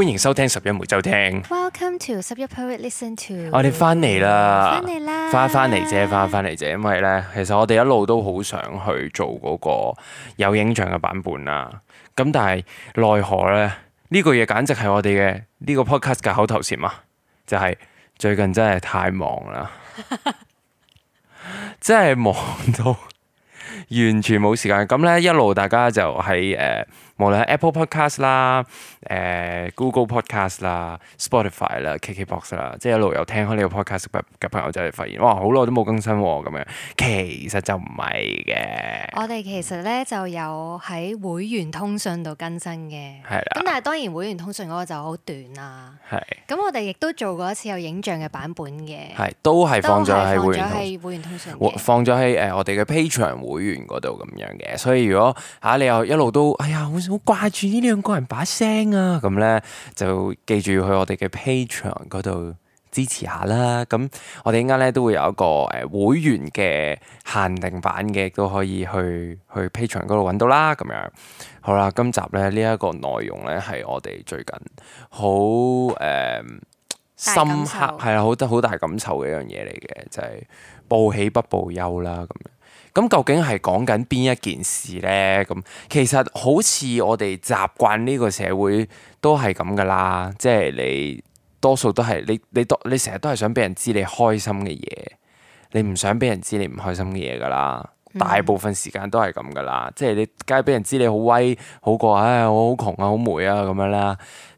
歡迎收聽拾壹每週聽。Welcome to 十一 Period Listen to 我。我哋翻嚟啦，翻嚟啦，翻翻嚟啫，翻翻嚟啫。因為咧，其實我哋一路都好想去做嗰個有影像嘅版本啦。咁但係奈何咧，呢個嘢簡直係我哋嘅呢個 podcast 嘅口頭禪啊，就係、是、最近真係太忙啦， 真係忙到完全冇時間。咁咧一路大家就喺誒、呃，無論係 Apple Podcast 啦。誒、uh, Google Podcast 啦、Spotify 啦、KKBox 啦，即係一路有聽開呢個 podcast 嘅朋友就係發現，哇！好耐都冇更新喎、哦，咁樣，其實就唔係嘅。我哋其實咧就有喺會員通訊度更新嘅，係啦的。咁但係當然會員通訊嗰個就好短啦，啊。係的，咁我哋亦都做過一次有影像嘅版本嘅。係，都係放咗喺會員通訊。放咗喺誒我哋嘅 Patreon 會員嗰度咁樣嘅，所以如果吓，啊、你又一路都哎呀，好好掛住呢兩個人把聲啊！啊，咁咧就記住去我哋嘅 Patreon 度支持下啦。咁我哋依家咧都會有一個誒、呃、會員嘅限定版嘅，都可以去去 Patreon 度揾到啦。咁樣好啦，今集咧呢一、這個內容咧係我哋最近好誒、呃、深刻，係啊好得好大感受嘅一樣嘢嚟嘅，就係、是、報喜不報憂啦。咁。咁究竟係講緊邊一件事呢？咁其實好似我哋習慣呢個社會都係咁噶啦，即係你多數都係你你多你成日都係想俾人知你開心嘅嘢，你唔想俾人知你唔開心嘅嘢噶啦。大部分時間都係咁噶啦，嗯、即係你梗係俾人知你好威好過唉，我好窮啊，好霉啊咁樣啦。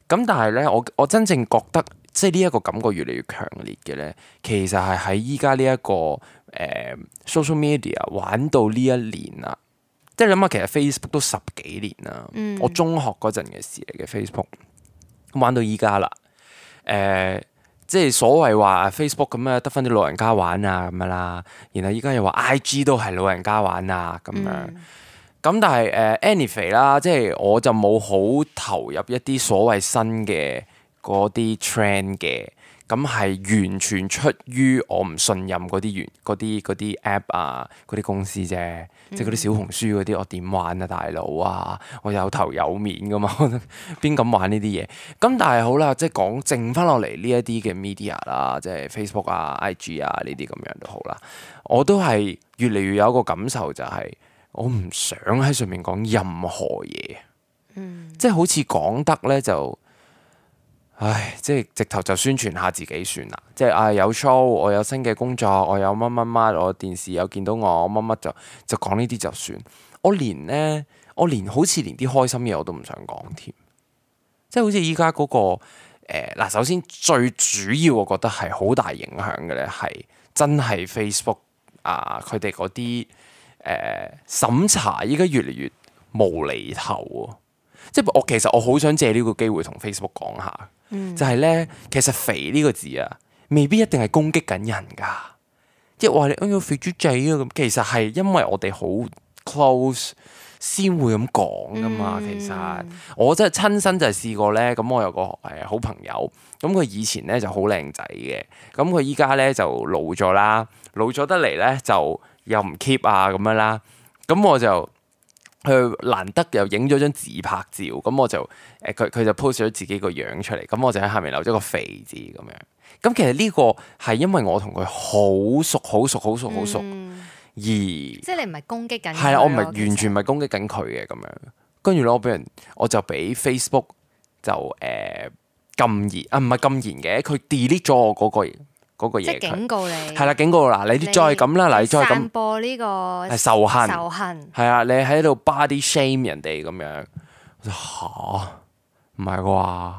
咁但係呢，我我真正覺得即係呢一個感覺越嚟越強烈嘅呢，其實係喺依家呢一個。誒，social media 玩到呢一年啦，即係諗下，其實 Facebook 都十幾年啦，嗯、我中學嗰陣嘅事嚟嘅 Facebook，玩到依家啦。誒、呃，即係所謂話 Facebook 咁樣，得翻啲老人家玩啊咁樣啦，然後依家又話 IG 都係老人家玩啊咁樣，咁、嗯、但係誒、呃、anyway 啦，即係我就冇好投入一啲所謂新嘅嗰啲 trend 嘅。咁係完全出於我唔信任嗰啲源、嗰啲、嗰啲 app 啊、嗰啲公司啫，嗯、即係嗰啲小紅書嗰啲，我點玩啊，大佬啊，我有頭有面噶嘛，邊 敢玩呢啲嘢？咁但係好啦，即係講剩翻落嚟呢一啲嘅 media 啦，即係 Facebook 啊、IG 啊呢啲咁樣都好啦。我都係越嚟越有一個感受、就係嗯，就係我唔想喺上面講任何嘢。即係好似講得咧就。唉，即係直頭就宣傳下自己算啦。即係啊，有 show，我有新嘅工作，我有乜乜乜，我電視有見到我乜乜，就就講呢啲就算。我連呢，我連好似連啲開心嘢我都唔想講添。即係好似依家嗰個誒，嗱、呃，首先最主要我覺得係好大影響嘅咧，係真係 Facebook 啊，佢哋嗰啲誒審查依家越嚟越無厘頭。即係我其實我好想借呢個機會同 Facebook 講下。就係咧，其實肥呢個字啊，未必一定係攻擊緊人噶，即係話你哎呀肥豬仔啊咁，其實係因為我哋好 close 先會咁講噶嘛。嗯、其實我真係親身就係試過咧，咁我有個誒好朋友，咁佢以前咧就好靚仔嘅，咁佢依家咧就老咗啦，老咗得嚟，咧就又唔 keep 啊咁樣啦，咁我就。佢難得又影咗張自拍照，咁我就誒佢佢就 post 咗自己個樣出嚟，咁我就喺下面留咗個肥字咁樣。咁其實呢個係因為我同佢好熟，好熟，好熟，好熟、嗯、而即係你唔係攻擊緊，係啊，我唔係其實完全唔係攻擊緊佢嘅咁樣。跟住咧，我俾人我就俾 Facebook 就誒、呃、禁言啊，唔係禁言嘅，佢 delete 咗我嗰個人。即警告你係啦，警告嗱，你再咁啦，嗱你再咁播呢個仇恨，仇恨係啊！你喺度 body shame 人哋咁樣，吓，唔係啩？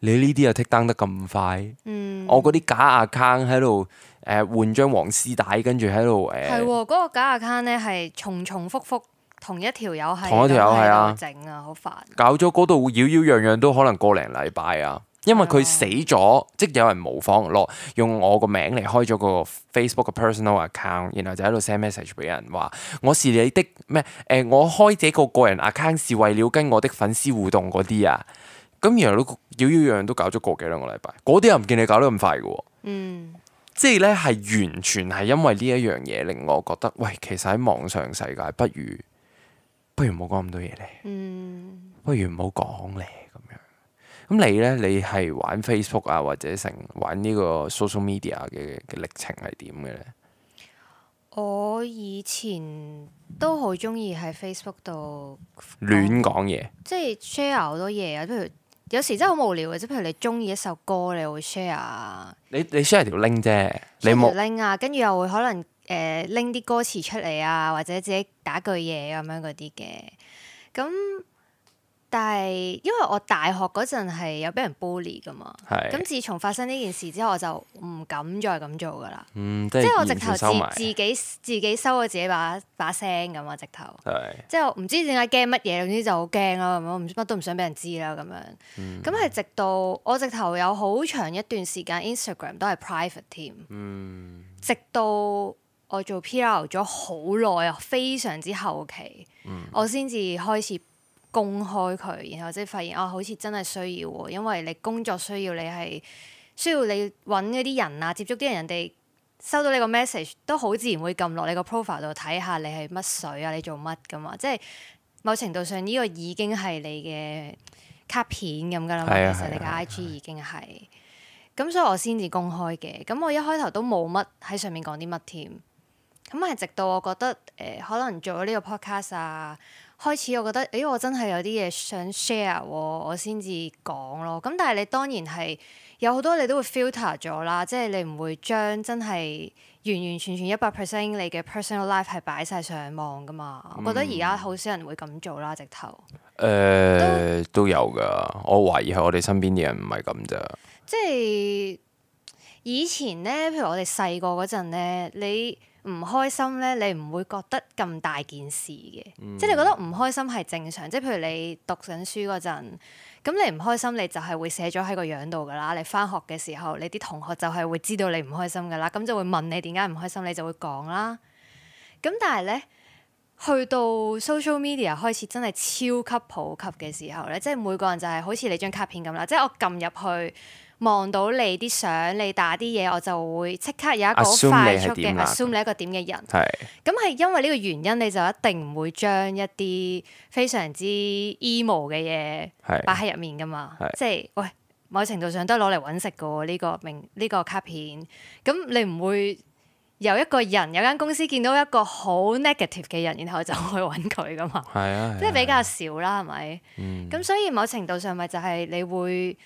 你呢啲又 take down 得咁快？嗯，我嗰啲假 account 喺度誒換張黃絲帶，跟住喺度誒係喎。嗰個假 account 咧係重重複複同一條友，係同一條友係啊，整啊好煩，搞咗嗰度，妖妖樣樣都可能個零禮拜啊！因為佢死咗，即有人模仿落，用我個名嚟開咗個 Facebook 嘅 personal account，然後就喺度 send message 俾人話：我是你的咩？誒、呃，我開這個個人 account 是為了跟我的粉絲互動嗰啲啊。咁原來都樣樣都搞咗個幾兩個禮拜，嗰啲又唔見你搞得咁快嘅、啊。嗯，即係呢，係完全係因為呢一樣嘢令我覺得，喂，其實喺網上世界，不如不如唔好講咁多嘢咧。不如唔好講咧。咁你咧，你係玩 Facebook 啊，或者成玩呢個 social media 嘅嘅歷程係點嘅咧？我以前都好中意喺 Facebook 度亂講嘢，即係 share 好多嘢啊。譬如有時真係好無聊嘅，即係譬如你中意一首歌你、啊你，你會 share 啊，你你 share 條 link 啫，你冇 link 啊，跟住又會可能誒拎啲歌詞出嚟啊，或者自己打句嘢咁、啊、樣嗰啲嘅。咁但係，因為我大學嗰陣係有俾人 bully 噶嘛，咁是自從發生呢件事之後，我就唔敢再咁做噶啦、嗯。即係我直頭自自己自己收咗自己把把聲咁啊，直頭。即係對我唔知點解驚乜嘢，總之就好驚啦咁樣，唔乜都唔想俾人知啦咁樣。咁係直到我直頭有好長一段時間 Instagram 都係 private team，、嗯、直到我做 PR 咗好耐，非常之後期，嗯、我先至開始。公開佢，然後即係發現哦、啊，好似真係需要喎、啊，因為你工作需要，你係需要你揾嗰啲人啊，接觸啲人，人哋收到你個 message 都好自然會撳落你個 profile 度睇下你係乜水啊，你做乜噶嘛，即係某程度上呢、這個已經係你嘅卡片咁噶啦，其實、啊、你嘅 IG 已經係，咁、啊啊啊、所以我先至公開嘅，咁我一開頭都冇乜喺上面講啲乜添，咁係直到我覺得誒、呃，可能做咗呢個 podcast 啊。開始我覺得，誒，我真係有啲嘢想 share，我先至講咯。咁但係你當然係有好多你都會 filter 咗啦，即係你唔會將真係完完全全一百 percent 你嘅 personal life 係擺晒上網噶嘛？嗯、我覺得而家好少人會咁做啦，直頭。誒、呃，但都有噶。我懷疑係我哋身邊嘅人唔係咁啫。即係以前咧，譬如我哋細個嗰陣咧，你。唔開心咧，你唔會覺得咁大件事嘅，嗯、即係你覺得唔開心係正常。即係譬如你讀緊書嗰陣，咁你唔開心，你就係會寫咗喺個樣度噶啦。你返學嘅時候，你啲同學就係會知道你唔開心噶啦，咁就會問你點解唔開心，你就會講啦。咁但係咧，去到 social media 開始真係超級普及嘅時候咧，即係每個人就係好似你張卡片咁啦，即係我撳入去。望到你啲相，你打啲嘢，我就會即刻有一個好快速嘅 assume 你，assume 你一個點嘅人。係。咁係因為呢個原因，你就一定唔會將一啲非常之 emo 嘅嘢擺喺入面噶嘛。即係喂，某程度上都攞嚟揾食嘅呢、呢個名呢、呢個卡片。咁你唔會由一個人有間公司見到一個好 negative 嘅人，然後就去揾佢噶嘛。啊啊、即係比較少啦，係咪？咁、嗯、所以某程度上咪就係你會。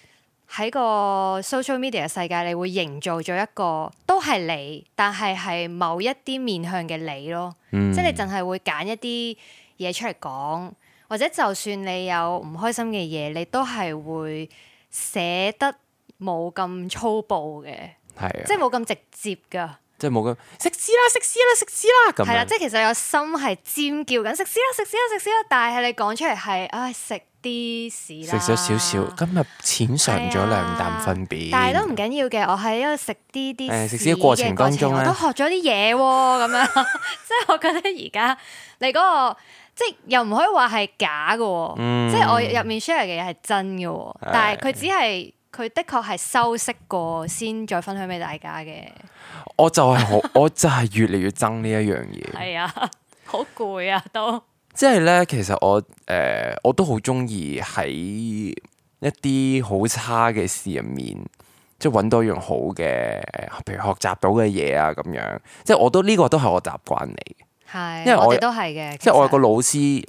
喺個 social media 嘅世界，你會營造咗一個都係你，但係係某一啲面向嘅你咯。嗯、即係你淨係會揀一啲嘢出嚟講，或者就算你有唔開心嘅嘢，你都係會寫得冇咁粗暴嘅，係啊、即係冇咁直接噶，即係冇咁食屎啦，食屎啦，食屎啦咁。係啦，啊、即係其實個心係尖叫緊，食屎啦，食屎啦，食屎啦，但係你講出嚟係唉，食啲屎啦，食咗少少，今日淺嘗咗兩啖糞便，哎，但係都唔緊要嘅。我喺度食啲啲，誒、哎，食屎嘅過程當中咧，都學咗啲嘢咁樣。即 係我覺得而家你嗰、那個，即、就、係、是、又唔可以話係假嘅，即係、嗯、我入面 share 嘅嘢係真嘅。但係佢只係佢的確係修飾過先再分享俾大家嘅。我就係、是、好、 我真係越嚟越憎呢一樣嘢，係啊，好攰啊，都。 即係咧，其實我誒、呃，我都好中意喺一啲好差嘅事入面，即係搵到一樣好嘅，譬如學習到嘅嘢啊，咁樣。即係我都呢、這個都係我習慣嚟。係是，因為我哋都係嘅。即係我有個老師，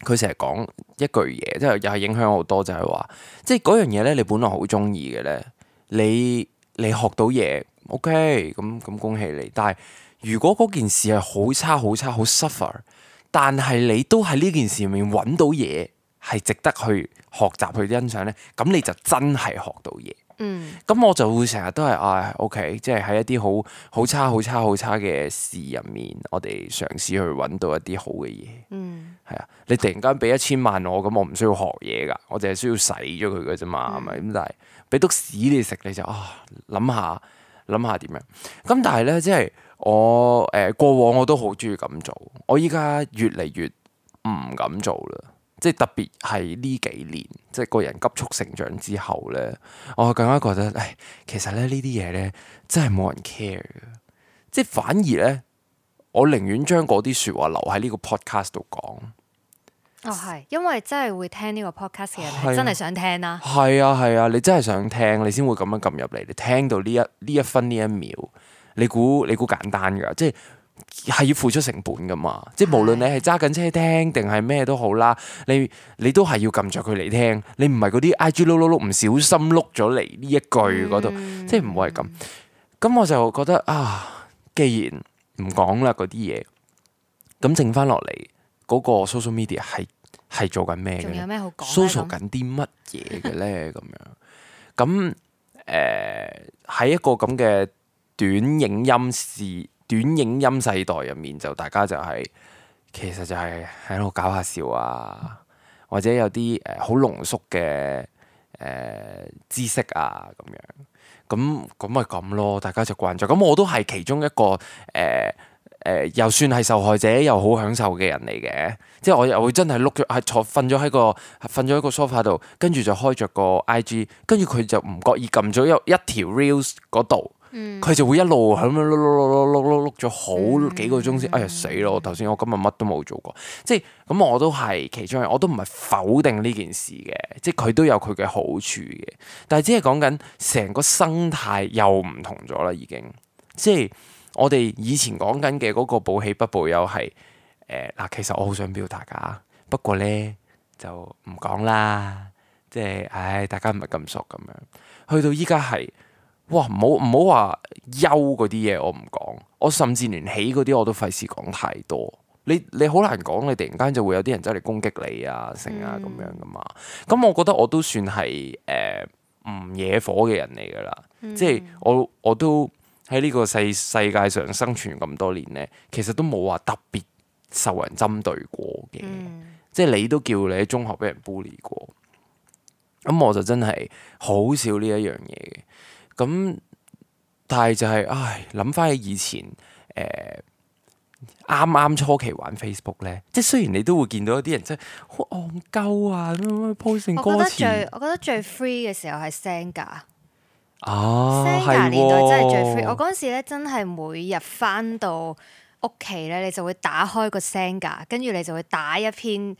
佢成日講一句嘢，即係又係影響我好多，就係、是、話，即係嗰樣嘢咧，你本來好中意嘅咧，你你學到嘢，OK，咁咁恭喜你。但係如果嗰件事係好差好差，好 suffer。但係你都喺呢件事入面揾到嘢，係值得去學習去欣賞咧，咁你就真係學到嘢。嗯，咁我就會成日都係，唉，OK，即係喺一啲好好差、好差、好差嘅事入面，我哋嘗試去揾到一啲好嘅嘢。嗯，係啊，你突然間俾一千萬我，咁我唔需要學嘢噶，我淨係需要使咗佢噶啫嘛，係咪咁？嗯、但係俾督屎你食，你就啊諗下諗下點樣？咁但係咧，即係。我誒、呃、過往我都好中意咁做，我依家越嚟越唔敢做啦。即係特別係呢幾年，即係個人急速成長之後咧，我更加覺得誒，其實咧呢啲嘢咧真係冇人 care 嘅，即係反而咧，我寧願將嗰啲説話留喺呢個 podcast 度講。哦，係，因為真係會聽呢個 podcast 嘅人係、啊、真係想聽啦。係啊，係啊，啊，啊，你真係想聽，你先會咁樣撳入嚟，你聽到呢一呢一分呢一秒。你估你估簡單噶？即係係要付出成本噶嘛？是即係無論你係揸緊車聽定係咩都好啦，你你都係要撳着佢嚟聽。你唔係嗰啲 I G 碌碌碌唔小心碌咗嚟呢一句嗰度，嗯、即係唔會係咁。咁、嗯、我就覺得啊，既然唔講啦嗰啲嘢，咁剩翻落嚟嗰個 social media 係係做緊咩嘅？仲有咩好講？social 緊啲乜嘢嘅咧？咁樣咁誒，喺、 呃、一個咁嘅。短影音世短影音世代入面就大家就係、是、其實就係喺度搞下笑啊，或者有啲誒好濃縮嘅誒知識啊咁樣咁咁咪咁咯，大家就慣咗。咁我都係其中一個誒誒、呃呃、又算係受害者又好享受嘅人嚟嘅，即係我又會真係碌住係坐瞓咗喺個瞓咗喺個 sofa 度跟住就開着個 IG 跟住佢就唔覺意撳咗一一條 reels 嗰度。佢就會一路咁樣碌碌碌碌碌碌碌咗好幾個鐘先，嗯、哎呀死咯了！頭先我今日乜都冇做過，嗯、即係咁我都係其中一個，我都唔係否定呢件事嘅，即係佢都有佢嘅好處嘅，但係只係講緊成個生態又唔同咗啦，已經即係我哋以前講緊嘅嗰個報喜不報憂係誒，嗱，其實我好想表達㗎，不過咧就唔講啦，即係唉，大家唔係咁熟咁樣，去到依家係。哇，唔好唔好話憂嗰啲嘢，我唔講。我甚至連喜嗰啲我都費事講太多。你你好難講，你突然間就會有啲人走嚟攻擊你啊，成啊咁、嗯、樣噶嘛。咁我覺得我都算係誒唔惹火嘅人嚟噶啦。嗯、即係我我都喺呢個世世界上生存咁多年咧，其實都冇話特別受人針對過嘅。嗯、即係你都叫你喺中學俾人 bully 過，咁我就真係好少呢一樣嘢嘅。咁，但係就係、是，唉，諗翻起以前，誒、呃，啱啱初期玩 Facebook 咧，即係雖然你都會見到有啲人真係好戇鳩啊，咁樣 po 成歌。我覺得最我覺得最 free 嘅時候係 Senga 哦 Senga 喎，年代真係最 free。是哦、我嗰陣時咧，真係每日翻到屋企咧，你就會打開個 Senga，跟住你就會打一篇。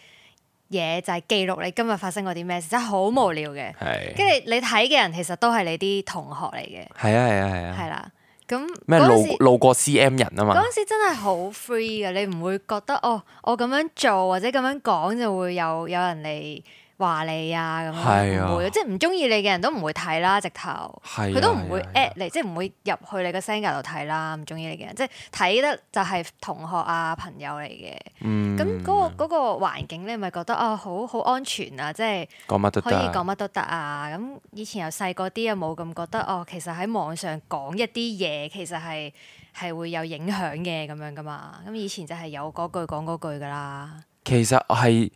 嘢就係記錄你今日發生過啲咩事，真係好無聊嘅。跟住、啊、你睇嘅人其實都係你啲同學嚟嘅。係啊係啊係啊。係啦、啊，咁咩路路過 CM 人啊嘛。嗰陣時真係好 free 嘅，你唔會覺得哦，我咁樣做或者咁樣講就會有有人嚟，話你啊咁樣唔會，啊、即係唔中意你嘅人都唔會睇啦，直頭。佢、啊、都唔會 at、啊啊、你，即係唔會入去你個 sender 度睇啦。唔中意你嘅人，即係睇得就係同學啊朋友嚟嘅。嗯。咁嗰、嗰個嗰、嗰個、環境，你咪覺得啊、哦，好好安全啊，即係。可以講乜都得啊！咁以前又細個啲，又冇咁覺得哦。其實喺網上講一啲嘢，其實係係會有影響嘅咁樣噶嘛。咁以前就係有嗰句講嗰句噶啦。其實係。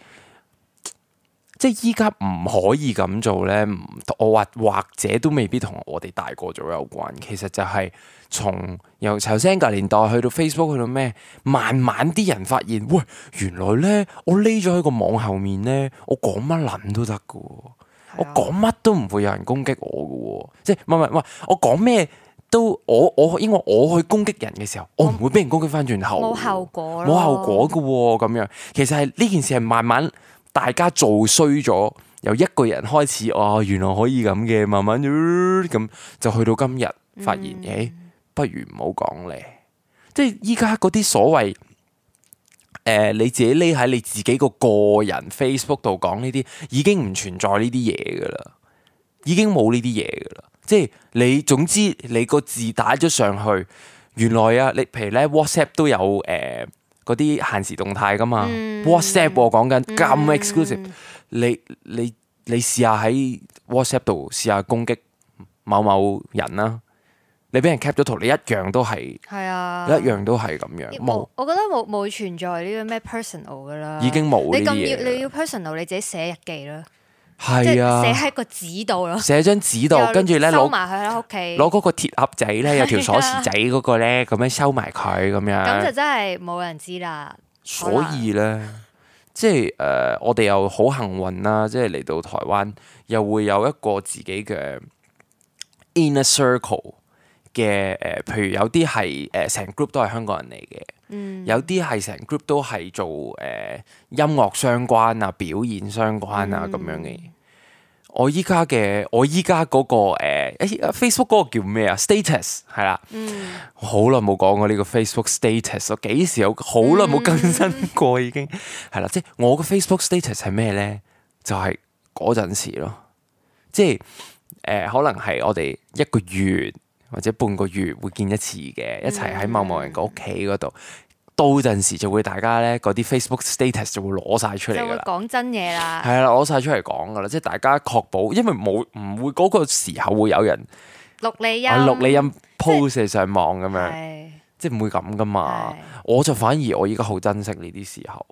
即係依家唔可以咁做咧，我或或者都未必同我哋大個咗有關。其實就係從由頭先個年代去到 Facebook 去到咩，慢慢啲人發現，喂，原來咧我匿咗喺個網後面咧，我講乜諗都得嘅，啊、我講乜都唔會有人攻擊我嘅，即係唔係唔係我講咩都我我因為我去攻擊人嘅時候，我唔會俾人攻擊翻轉頭，冇後果，冇後果嘅。咁樣。其實係呢件事係慢慢。大家做衰咗，由一個人開始，哦，原來可以咁嘅，慢慢咁就去到今日，發現，誒、嗯欸，不如唔好講咧。即係依家嗰啲所謂，誒、呃，你自己匿喺你自己個個人 Facebook 度講呢啲，已經唔存在呢啲嘢噶啦，已經冇呢啲嘢噶啦。即係你，總之你個字打咗上去，原來啊，你譬如咧 WhatsApp 都有誒。呃嗰啲限時動態噶嘛、嗯、WhatsApp 我講緊咁 exclusive，嗯、你你你試下喺 WhatsApp 度試下攻擊某某人啦，你俾人 cap 咗圖，你一樣都係，係啊，一樣都係咁樣冇。我，冇我覺得冇冇存在呢個咩 personal 噶啦，已經冇呢啲嘢。你要 personal，你自己寫日記啦。係啊，寫喺個紙度咯，寫張紙度，跟住咧攞埋佢喺屋企，攞嗰個鐵盒仔咧、啊、有條鎖匙仔嗰個咧，咁樣收埋佢咁樣。咁就真係冇人知啦。所以咧，能即係誒、呃，我哋又好幸運啦，即係嚟到台灣又會有一個自己嘅 inner circle 嘅誒、呃，譬如有啲係誒成 group 都係香港人嚟嘅。有啲係成 group 都係做誒、呃、音樂相關啊，表演相關啊咁、嗯、樣嘅。我依家嘅我依家嗰個誒、呃欸、，Facebook 嗰個叫咩啊？Status 係啦，好耐冇講過呢個 Facebook Status，我幾時有好耐冇更新過已經係啦、嗯。 即係我嘅 Facebook Status 係咩咧？就係嗰陣時咯，即係誒、呃，可能係我哋一個月。或者半個月會見一次嘅，一齊喺某某人個屋企嗰度，嗯、到陣時就會大家咧嗰啲 Facebook status 就會攞晒出嚟噶啦。講真嘢啦，係啦，攞晒出嚟講噶啦，即係大家確保，因為冇唔會嗰個時候會有人錄你音，錄、啊、你音 post 是你上網咁是樣，即係唔會咁噶嘛。是我就反而我依家好珍惜呢啲時候。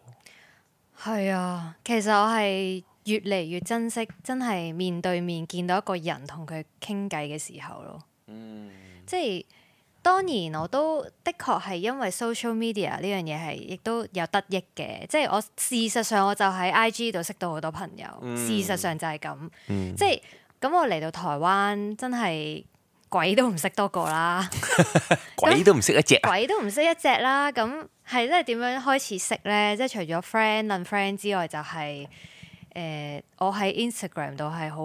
係啊，其實我係越嚟越珍惜，真係面對面見到一個人同佢傾偈嘅時候咯。嗯、即係當然，我都的確係因為 social media 呢樣嘢係亦都有得益嘅。即係我事實上我就喺 IG 度識到好多朋友。嗯、事實上就係咁，嗯、即係咁我嚟到台灣真係鬼都唔識多個啦， 鬼都唔識一隻、啊，鬼都唔識一隻啦。咁係即係點樣開始識呢？即係除咗 friend 認 friend 之外，就係，就係誒，我喺 Instagram 度係好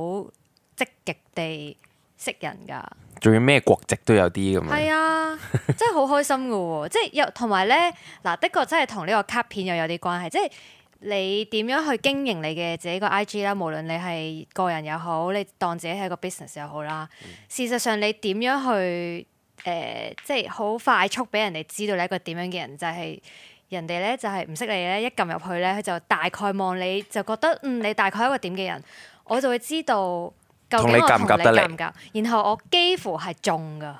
積極地識人噶。仲要咩國籍都有啲咁樣，係啊， 真係好開心噶，即係又同埋咧，嗱的確真係同呢個卡片又有啲關係，即係你點樣去經營你嘅自己個 IG 啦，無論你係個人又好，你當自己係個 business 又好啦。事實上，你點樣去誒、呃，即係好快速俾人哋知道你一個點樣嘅人，就係、是、人哋咧就係唔識你咧，一撳入去咧，佢就大概望你就覺得嗯，你大概係一個點嘅人，我就會知道。同你夾唔夾得嚟？夾唔夾？然後我幾乎係中噶。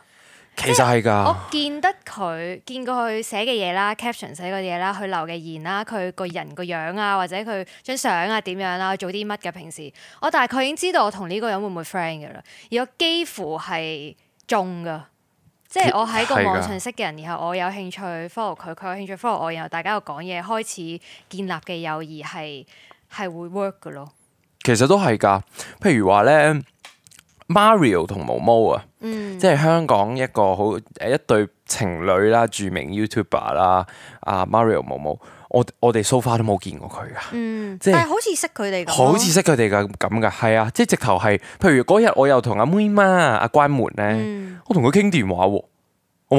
其實係噶，我見得佢，見過佢寫嘅嘢啦，caption 寫嘅嘢啦，佢留嘅言啦，佢個人個樣啊，或者佢張相啊點樣啦，做啲乜嘅平時，我大概已經知道我同呢個人會唔會 friend 嘅啦。而我幾乎係中噶，即係我喺個網上識嘅人，的然後我有興趣 follow 佢，佢有興趣 follow 我，然後大家又講嘢，開始建立嘅友誼係係會 work 嘅咯。其實都係噶，譬如話咧 Mario 同毛毛啊，即係香港一個好誒一對情侶啦，著名 YouTuber 啦、啊，阿 Mario 毛毛，我我哋 so far 都冇見過佢噶，即係、嗯即係、好似識佢哋，好似識佢哋噶咁噶，係啊，即係直頭係，譬如嗰日我又同阿妹媽啊關門咧，我同佢傾電話，我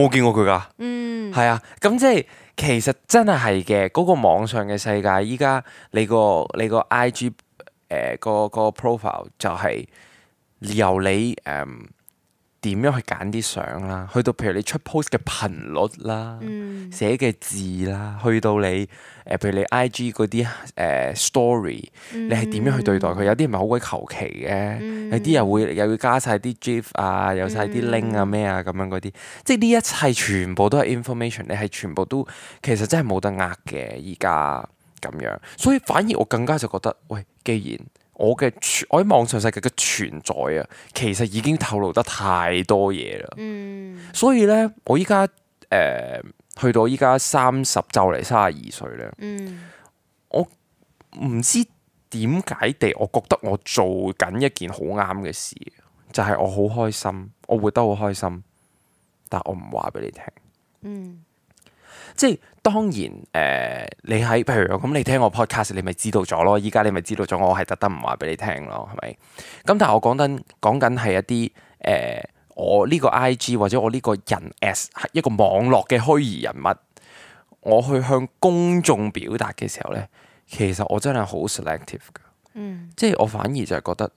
冇見過佢噶，嗯，係啊，咁即係其實真係係嘅，嗰、嗰個網上嘅世界，依家你個你個 IG。誒個、呃那個 profile 就係由你誒點、呃、樣去揀啲相啦，去到譬如你出 post 嘅頻率啦，嗯、寫嘅字啦，去到你誒、呃、譬如你 IG 嗰啲誒 story、嗯、你係點樣去對待佢？有啲人咪好鬼求其嘅，嗯、有啲又會又要加晒啲 gif 啊，有晒啲 link 啊咩啊咁樣嗰啲，即係呢一切全部都係 information，你係全部都其實真係冇得呃嘅，而家。咁樣，所以反而我更加就覺得，喂，既然我嘅我喺網上世界嘅存在啊，其實已經透露得太多嘢啦。嗯。所以咧，我依家誒，去到依家三十就嚟三十二歲咧。嗯。我唔知點解地，我覺得我做緊一件好啱嘅事，就係、是、我好開心，我活得好開心，但我唔話俾你聽。嗯。即係當然，誒、呃，你喺譬如咁，你聽我 podcast，你咪知道咗咯。依家你咪知道咗，我係特登唔話俾你聽咯，係咪？咁但係我講緊講緊係一啲，誒、呃，我呢個 IG 或者我呢個人 as 一個網絡嘅虛擬人物，我去向公眾表達嘅時候呢，其實我真係好 selective 噶，嗯、即係我反而就係覺得，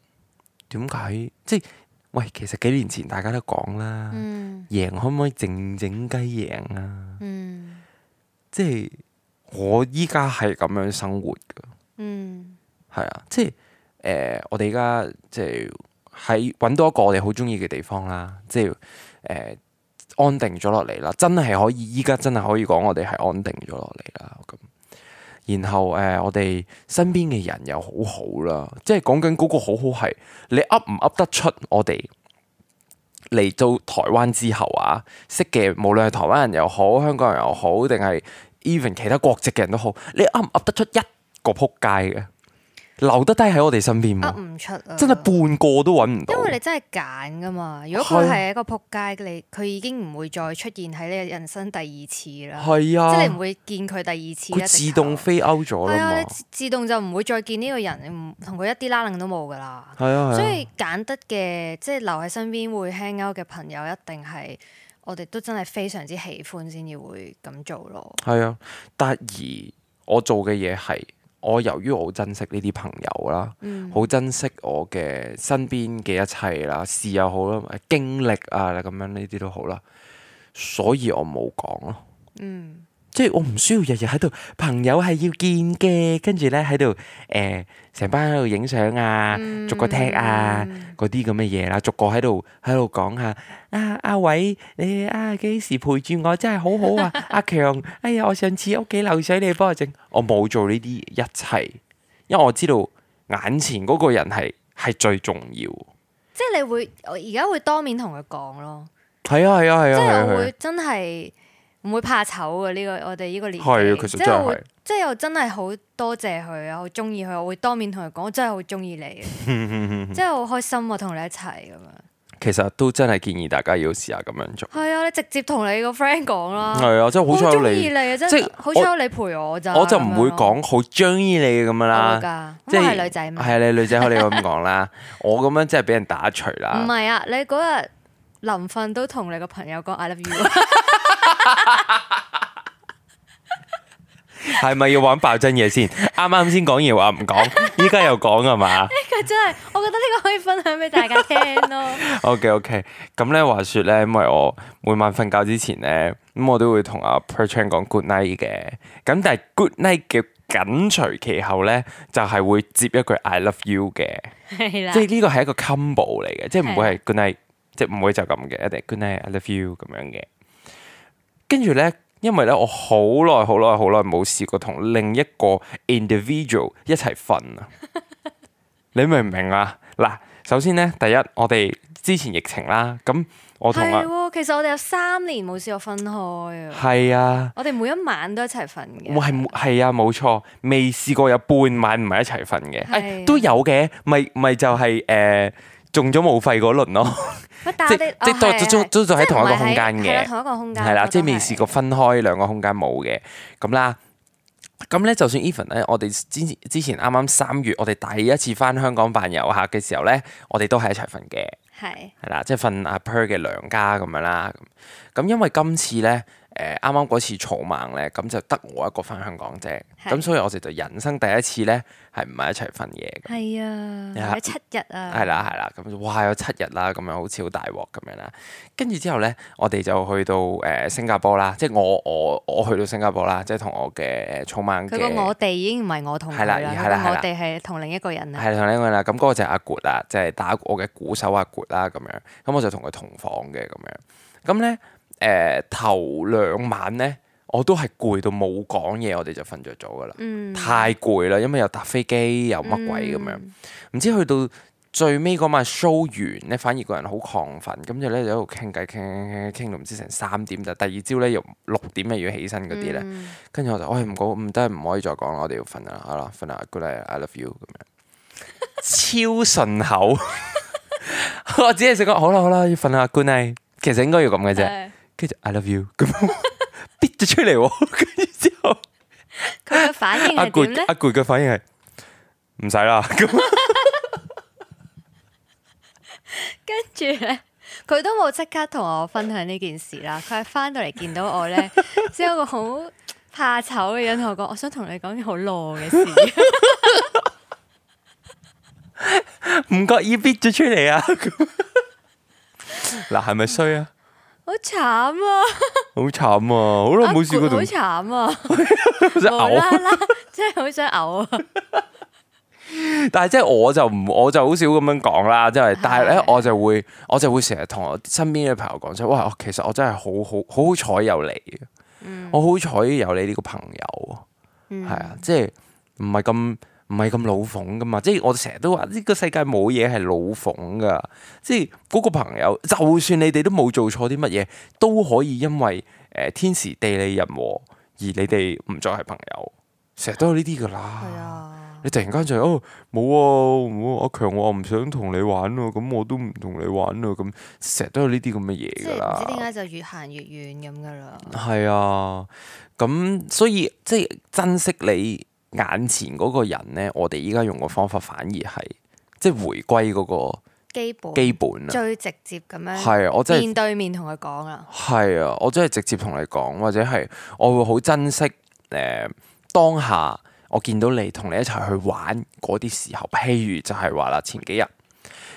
點解？即係喂，其實幾年前大家都講啦，贏、嗯、可唔可以靜靜雞贏啊？嗯即係我依家係咁樣生活㗎，嗯，係啊，即係誒、呃，我哋而家即係喺搵到一個我哋好中意嘅地方啦，即係誒、呃、安定咗落嚟啦，真係可以依家真係可以講我哋係安定咗落嚟啦咁。然後誒、呃，我哋身邊嘅人又好好啦，即係講緊嗰個好好係你噏唔噏得出我哋。嚟到台灣之後啊，識嘅無論係台灣人又好，香港人又好，定係 even 其他國籍嘅人都好，你噏唔噏得出一個撲街嘅？留得低喺我哋身邊，揼唔出啊！出真係半個都揾唔到。因為你真係揀噶嘛，如果佢係一個仆街，啊、你佢已經唔會再出現喺你嘅人生第二次啦。係啊，即係你唔會見佢第二次。佢自動飛歐咗啦嘛。係啊，你自動就唔會再見呢個人，唔同佢一啲拉掕都冇噶啦。係啊，係啊，所以揀得嘅，即係留喺身邊會輕歐嘅朋友，一定係我哋都真係非常之喜歡先至會咁做咯。係啊，但而我做嘅嘢係。我由於我好珍惜呢啲朋友啦，好、嗯、珍惜我嘅身邊嘅一切啦，事又好啦，經歷啊咁樣呢啲都好啦，所以我冇講咯。嗯。即係我唔需要日日喺度，朋友係要見嘅，跟住咧喺度，誒、嗯，成班喺度影相啊，逐個踢啊，嗰啲咁嘅嘢啦，逐個喺度喺度講下，阿阿偉，你啊幾時陪住我，真係好好啊，阿強，哎呀，我上次屋企漏水，你幫我整，我冇做呢啲一切，因為我知道眼前嗰個人係係最重要，即係你會我而家會當面同佢講咯，係啊係啊係啊，即係我會真係。唔會怕醜嘅呢個，我哋呢個年紀，即係我，即係又真係好多謝佢啊！我中意佢，我會當面同佢講，我真係好中意你，真係好開心啊！同你一齊咁樣，其實都真係建議大家要試下咁樣做。係啊，你直接同你個 friend 講啦。係啊，真係好彩你，即係好彩你陪我。咋。我就唔會講好中意你咁樣啦。即係女仔係咧女仔可以咁講啦。我咁樣真係俾人打除啦。唔係啊，你嗰日臨瞓都同你個朋友講 I love you。係 咪 要玩爆真嘢先？啱啱先講嘢話唔講，依家又講係嘛？佢真係，我覺得呢個可以分享俾大家聽咯。OK，OK。咁咧，話說咧，因為我每晚瞓覺之前咧，咁、嗯、我都會同阿 Per Chan 講 Good Night 嘅。咁但係 Good Night 嘅緊隨其後咧，就係、是、會接一句 I Love You 嘅啦。即係呢個係一個 combo 嚟嘅，即係唔會係 Good Night，啦即係唔會就咁嘅，一、就、定、是、Good Night I Love You 咁樣嘅。跟住呢，因為咧我好耐好耐好耐冇試過同另一個 individual 一齊瞓啊！ 你明唔明啊？嗱，首先呢，第一，我哋之前疫情啦，咁我同埋、啊哦，其實我哋有三年冇試過分開啊。係啊，我哋每一晚都一齊瞓嘅。我係係啊，冇錯，未試過有半晚唔係一齊瞓嘅。都有嘅，咪咪就係、是、誒。呃中咗武肺嗰輪咯，即即、哦、都都都喺同一個空間嘅，同一個空間係啦，即係未試過分開兩個空間冇嘅，咁啦。咁咧，就算 Even 咧，我哋之之前啱啱三月，我哋第一次翻香港扮遊客嘅時候咧，我哋都係一齊瞓嘅，係係啦，即係瞓阿 Per 嘅娘家咁樣，樣啦。咁因為今次咧。誒啱啱嗰次草蜢咧，咁就得我一個翻香港啫，咁係所以我哋就人生第一次咧，係唔係一齊瞓夜嘅？係啊係，咁樣有七日啊。係啦、嗯，係啦，咁哇有七日啦，咁樣好似好大鑊咁樣啦。跟住之後咧，我哋就去到誒、呃、新加坡啦，即係我我我，我去到新加坡啦，即係同我嘅草蜢嘅。佢我哋已經唔係我同佢啦，係我哋係同另一個人啦。係同另一個人啦，咁嗰、嗰個就阿 Good 啦，即係打我嘅鼓手阿 Good 啦，咁、啊、樣，咁我就同佢同房嘅咁樣，咁咧。誒、嗯、頭兩晚咧，我都係攰到冇講嘢，我哋就瞓着咗噶啦，太攰啦，因為又搭飛機又乜鬼咁樣，唔知去到最尾嗰晚 show 完咧，反而個人好亢奮，咁就咧就喺度傾偈傾傾到唔知成三點，就第二朝咧又六點又要起身嗰啲咧，跟住、嗯、我就我係唔唔得唔可以再講啦，我哋要瞓啦，好啦，瞓啦，good night, I love you，咁樣超順口， 我只係想講好啦好啦要瞓啦 good night, 其實應該要咁嘅啫。 跟住 I love you 咁，逼咗出嚟，跟住之後佢嘅反應係點咧？阿攰嘅反應係唔使啦。 跟住咧，佢都冇即刻同我分享呢件事啦。佢係翻到嚟見到我咧，即係一個好怕醜嘅樣，同我講，我想同你講件好懦嘅事，唔 覺意逼咗出嚟啊！嗱， 係咪衰啊？ 好慘啊！好慘 啊！好耐冇試過好慘啊！ 我想嘔，真係好想嘔啊！但係即係我就唔，我就好少咁樣講啦，即係。但係咧，是我就會，我就會成日同我身邊嘅朋友講出，哇！其實我真係好好好好彩有你，嗯、我好彩有你呢個朋友，係、嗯、啊，即係唔係咁。唔係咁老諷噶嘛，即係我成日都話呢個世界冇嘢係老諷噶，即係嗰個朋友，就算你哋都冇做錯啲乜嘢，都可以因為誒天時地利人和而你哋唔再係朋友，成日都有呢啲噶啦。係啊，你突然間就是、哦冇啊，好、啊、阿強，我唔想同你玩咯、啊，咁我都唔同你玩咯、啊，咁成日都有呢啲咁嘅嘢噶啦。即係唔知點解就越行越遠咁噶啦。係啊，咁所以即係珍惜你。眼前嗰個人咧，我哋依家用個方法反而係即係回歸嗰個基本、基本啦，最直接咁樣。係啊，我真係面對面同佢講啊。係啊，我真係直接同你講，或者係我會好珍惜誒、呃、當下我見到你同你一齊去玩嗰啲時候，譬如就係話啦，前幾日。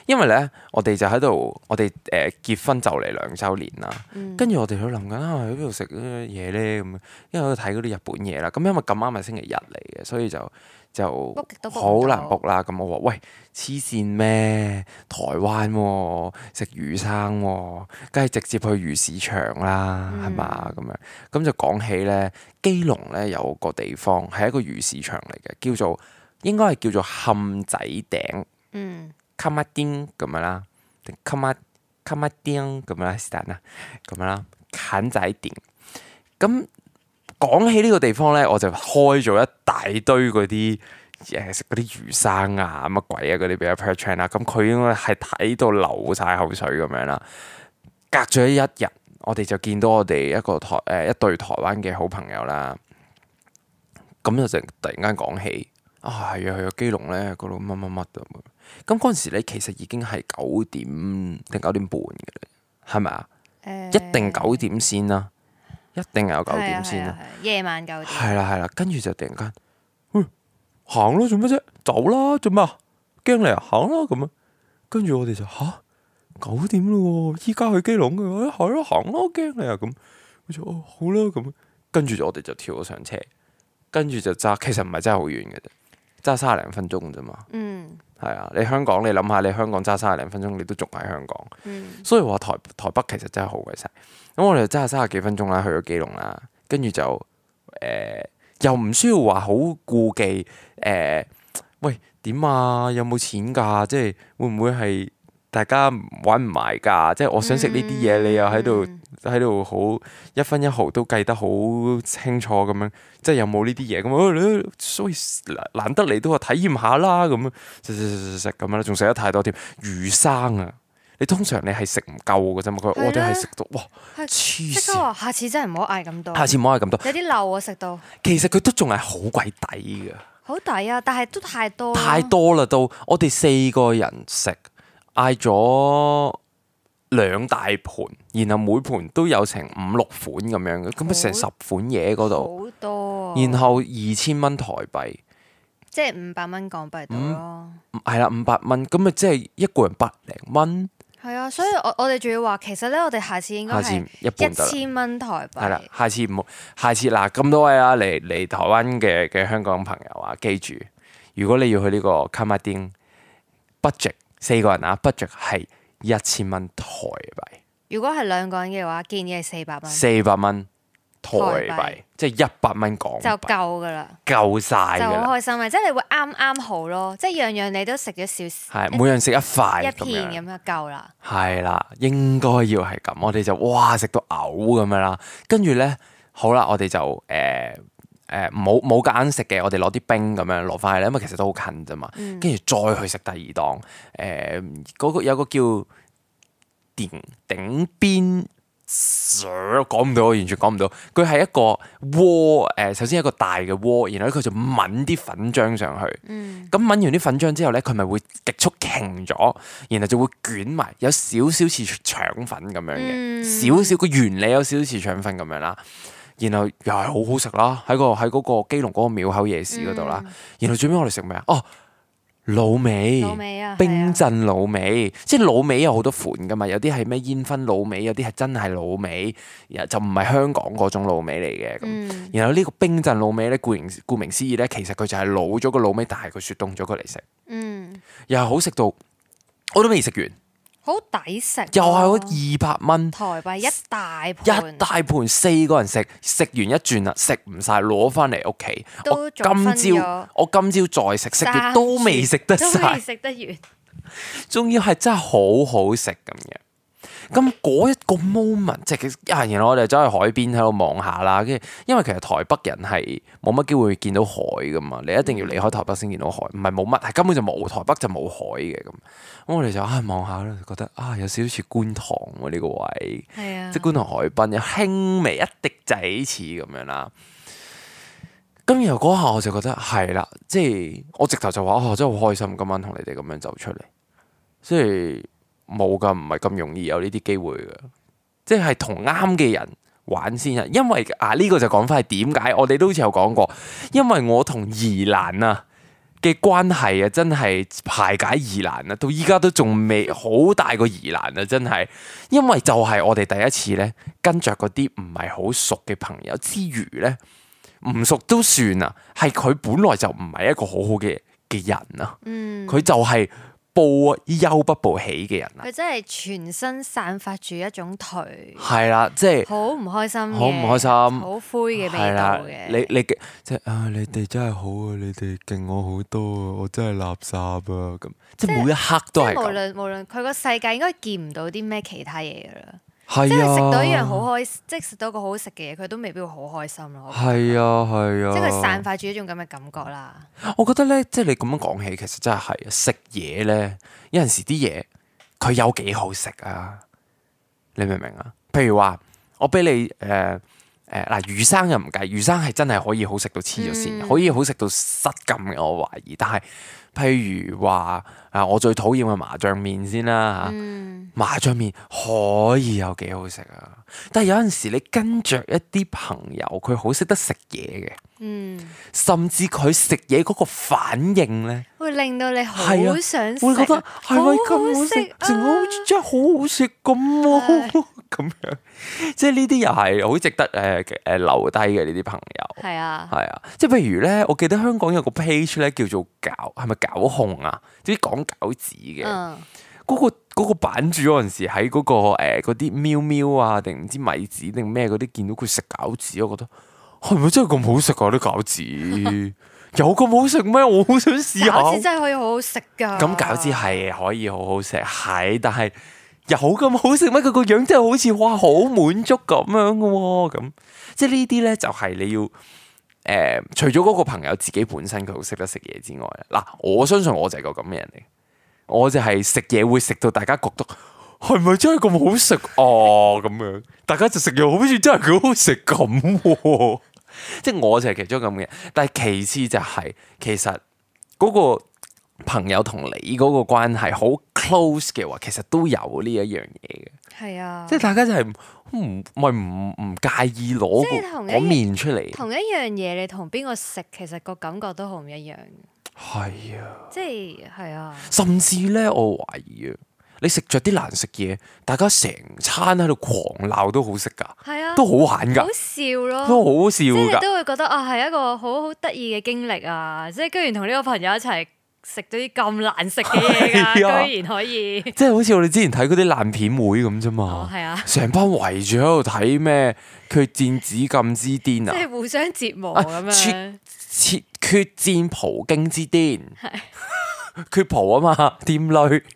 因為咧，我哋就喺度，我哋誒結婚、嗯、就嚟兩週年啦。跟住我哋去諗緊啊，去邊度食啲嘢咧？咁因為睇嗰啲日本嘢啦。咁因為咁啱係星期日嚟嘅，所以就就好難 book 啦。咁我話：喂，黐線咩？台灣喎、啊，食魚生喎、啊，梗係直接去魚市場啦，係嘛咁樣？咁就講起咧，基隆咧有個地方係一個魚市場嚟嘅，叫做應該係叫做坎仔頂。嗯。咁樣啦，卡咁樣啦，是但啦，咁樣啦，坎仔頂。咁講起呢個地方咧，我就開咗一大堆嗰啲誒食啲魚生啊，乜鬼啊嗰啲俾阿 Perchan。咁佢、啊、應該係睇到流晒口水咁樣啦。隔咗一日，我哋就見到我哋一個台誒、呃、一對台灣嘅好朋友啦。咁就突然間講起啊，係啊去咗基隆咧，嗰度乜乜乜啊。咁嗰時你其實已經係九點定九點半嘅啦，係咪啊？欸、一定九點先啦，欸、一定係有九點先啦。欸欸、夜晚九點。係啦係啦，跟住就突然間，行咯做乜啫？走啦做乜？驚你啊？行啦。噉樣，咁啊。跟住我哋就吓九點啦，依家去基隆嘅，行咯行咯，驚你啊咁。跟住哦好啦咁，跟住我哋就跳咗上車，跟住就揸，其實唔係揸好遠嘅啫，揸三零分鐘啫嘛。嗯。係啊，你香港你諗下，你香港揸三廿零分鐘，你都仲喺香港。嗯、所以話台台北其實真係好鬼細。咁我哋又揸三廿幾分鐘啦，去咗基隆啦，跟住就誒、呃、又唔需要話好顧忌誒、呃。喂，點啊？有冇錢㗎？即係會唔會係？大家玩唔埋噶，即係我想食呢啲嘢，嗯、你又喺度喺度好一分一毫都計得好清楚咁樣，即係有冇呢啲嘢咁啊？所以難得嚟都話體驗下啦，咁樣食食食食食咁樣仲食得太多添。魚生啊，你通常你係食唔夠嘅啫嘛，佢、嗯、我哋係食到哇黐線是下次真係唔好嗌咁多，下次唔好嗌咁多，有啲漏我食到。其實佢都仲係好鬼抵嘅，好抵啊！但係都太多，太多啦都，我哋四個人食。嗌咗兩大盤，然後每盤都有成五六款咁樣嘅，咁啊成十款嘢嗰度，多啊、然後二千蚊台幣，即係五百蚊港幣咯，係啦、嗯，五百蚊咁啊，即係一個人百零蚊係啊，所以我我哋仲要話，其實咧，我哋下次應該係一千蚊台幣係啦，下次唔好，下次嗱咁多位啊，嚟嚟台灣嘅嘅香港朋友啊，記住如果你要去呢個卡馬丁 budget。四個人啊，budget 係一千蚊台幣。如果係兩個人嘅話，建議係四百蚊。四百蚊台幣，即係一百蚊港幣就夠噶啦，夠晒。就好開心啊！即係你會啱啱好咯，即係樣樣你都食咗少少，係每樣食一塊一片咁就夠啦。係啦，應該要係咁。我哋就哇食到嘔咁樣啦，跟住咧好啦，我哋就誒。誒冇冇間食嘅，我哋攞啲冰咁樣攞翻去咧，因為其實都好近啫嘛。跟住、嗯、再去食第二檔，誒、呃、嗰、那個有個叫頂頂邊水，講唔到，我完全講唔到。佢係一個窩，誒、呃、首先一個大嘅窩，然後佢就揾啲粉漿上去。咁揾、嗯、完啲粉漿之後咧，佢咪會極速停咗，然後就會捲埋，有少少似腸粉咁樣嘅，嗯、少少個原理有少少似腸粉咁樣啦。然後又係好好食啦，喺個喺嗰個基隆嗰個廟口夜市嗰度啦。嗯、然後最尾我哋食咩啊？哦，滷味、啊，啊、冰鎮滷味，即係滷味有好多款㗎嘛。有啲係咩煙燻滷味，有啲係真係滷味，就唔係香港嗰種滷味嚟嘅。嗯。然後呢個冰鎮滷味咧，顧名顧名思義咧，其實佢就係滷咗個滷味，但係佢雪凍咗佢嚟食。嗯、又係好食到，我都未食完。好抵食，又係我二百蚊台幣一大盤，一大盤四個人食，食完一轉啦，食唔晒攞翻嚟屋企。我今朝三次 我今朝再食，食極都未食得晒，仲要係真係好好食咁樣。咁嗰一個 moment，即係其實啊，一行人，然後我哋走去海邊喺度望下啦，跟住，因為其實台北人係冇乜機會見到海噶嘛，你一定要離開台北先見到海，唔係冇乜，係根本就冇台北就冇海嘅咁。咁我哋就啊望下啦，就覺得啊有少少似觀塘喎、啊、呢、呢個位，啊、即係觀塘海濱有輕微一滴仔似咁樣啦。咁然後嗰下我就覺得係啦，即係、就是、我直頭就話啊，真係好開心今晚同你哋咁樣走出嚟，即係。冇噶，唔係咁容易有呢啲機會噶，即係同啱嘅人玩先啊！因為啊，呢個就講翻係點解，我哋都好似有講過，因為我同疑難啊嘅關係啊，真係排解疑難啊，到依家都仲未好大個疑難啊！真係，因為就係我哋第一次呢，跟着嗰啲唔係好熟嘅朋友之餘呢，唔熟都算啊，係佢本來就唔係一個好好嘅嘅人啊，佢就係、是。報啊，憂不報喜嘅人啊，佢真係全身散發住一種頹，係啦，即係好唔開心，好唔開心，好灰嘅味道嘅。你你即係啊，你哋真係好啊，你哋勁我好多啊，我真係垃圾啊，咁即係是每一刻都係無論無論佢個世界應該見唔到啲咩其他嘢㗎喇。啊、即係食到一樣好開，即係食到個好食嘅嘢，佢都未必會好開心咯。係啊，係啊，即係佢散發住一種咁嘅感覺啦、啊啊。我覺得咧，即係你咁樣講起，其實真係食嘢咧，有陣時啲嘢佢有幾好食啊？你明唔明啊？譬如話，我俾你誒。呃誒嗱，魚生又唔計，魚生係真係可以好食到黐咗線，嗯、可以好食到失禁嘅我懷疑。但係譬如話啊，我最討厭嘅麻醬麵先啦嚇，嗯、麻醬麵可以有幾好食啊！但係有陣時你跟住一啲朋友，佢好識得食嘢嘅，嗯、甚至佢食嘢嗰個反應咧，會令到你好想食，會覺得係咪咁好食？好啊、真係好、啊、好食咁咁樣，即係呢啲又係好值得誒誒留低嘅呢啲朋友。係啊，係啊，即係譬如咧，我記得香港有個 page 咧叫做餃，係咪餃控啊？即啲講餃子嘅嗰、嗯嗰個嗰個版主嗰陣時喺嗰、嗰個嗰啲、呃、喵喵啊，定唔知米子定咩嗰啲見到佢食餃子，我覺得係咪真係咁好食啊？啲餃子 有咁好食咩？我好想試下。餃子真係可以好好食噶。咁餃子係可以好好食，係， 但係。有咁好食咩？佢個樣真係好似哇，好滿足咁樣嘅、哦，咁即係呢啲呢，就係、是、你要誒、呃，除咗嗰個朋友自己本身佢好識得食嘢之外，嗱，我相信我就係個咁嘅人嚟，我就係食嘢會食到大家覺得係咪真係咁好食哦，咁樣大家就食又好似真係幾好食咁、哦，即係我就係其中咁嘅。但係其次就係、是、其實嗰個朋友同你嗰個關係好 close 嘅話，其實都有呢一樣嘢嘅，係啊，即係大家就係唔唔唔唔介意攞個面出嚟，同一樣嘢你同邊個食，其實個感覺都好唔一樣嘅，係啊，即係係啊，甚至咧，我懷疑啊，你食着啲難食嘢，大家成餐喺度狂鬧都好食噶，係啊，都好玩㗎，好笑咯，都好笑㗎，都會覺得啊，係一個好好得意嘅經歷啊，即係居然同呢個朋友一齊，食咗啲咁難食嘅嘢， 啊、居然可以，即係好似我哋之前睇嗰啲爛片會咁啫嘛，成、哦啊、班圍住喺度睇咩？決戰紫禁之巔啊！即係互相折磨咁樣、啊，決決戰葡京之巔，決葡啊 嘛，掂女。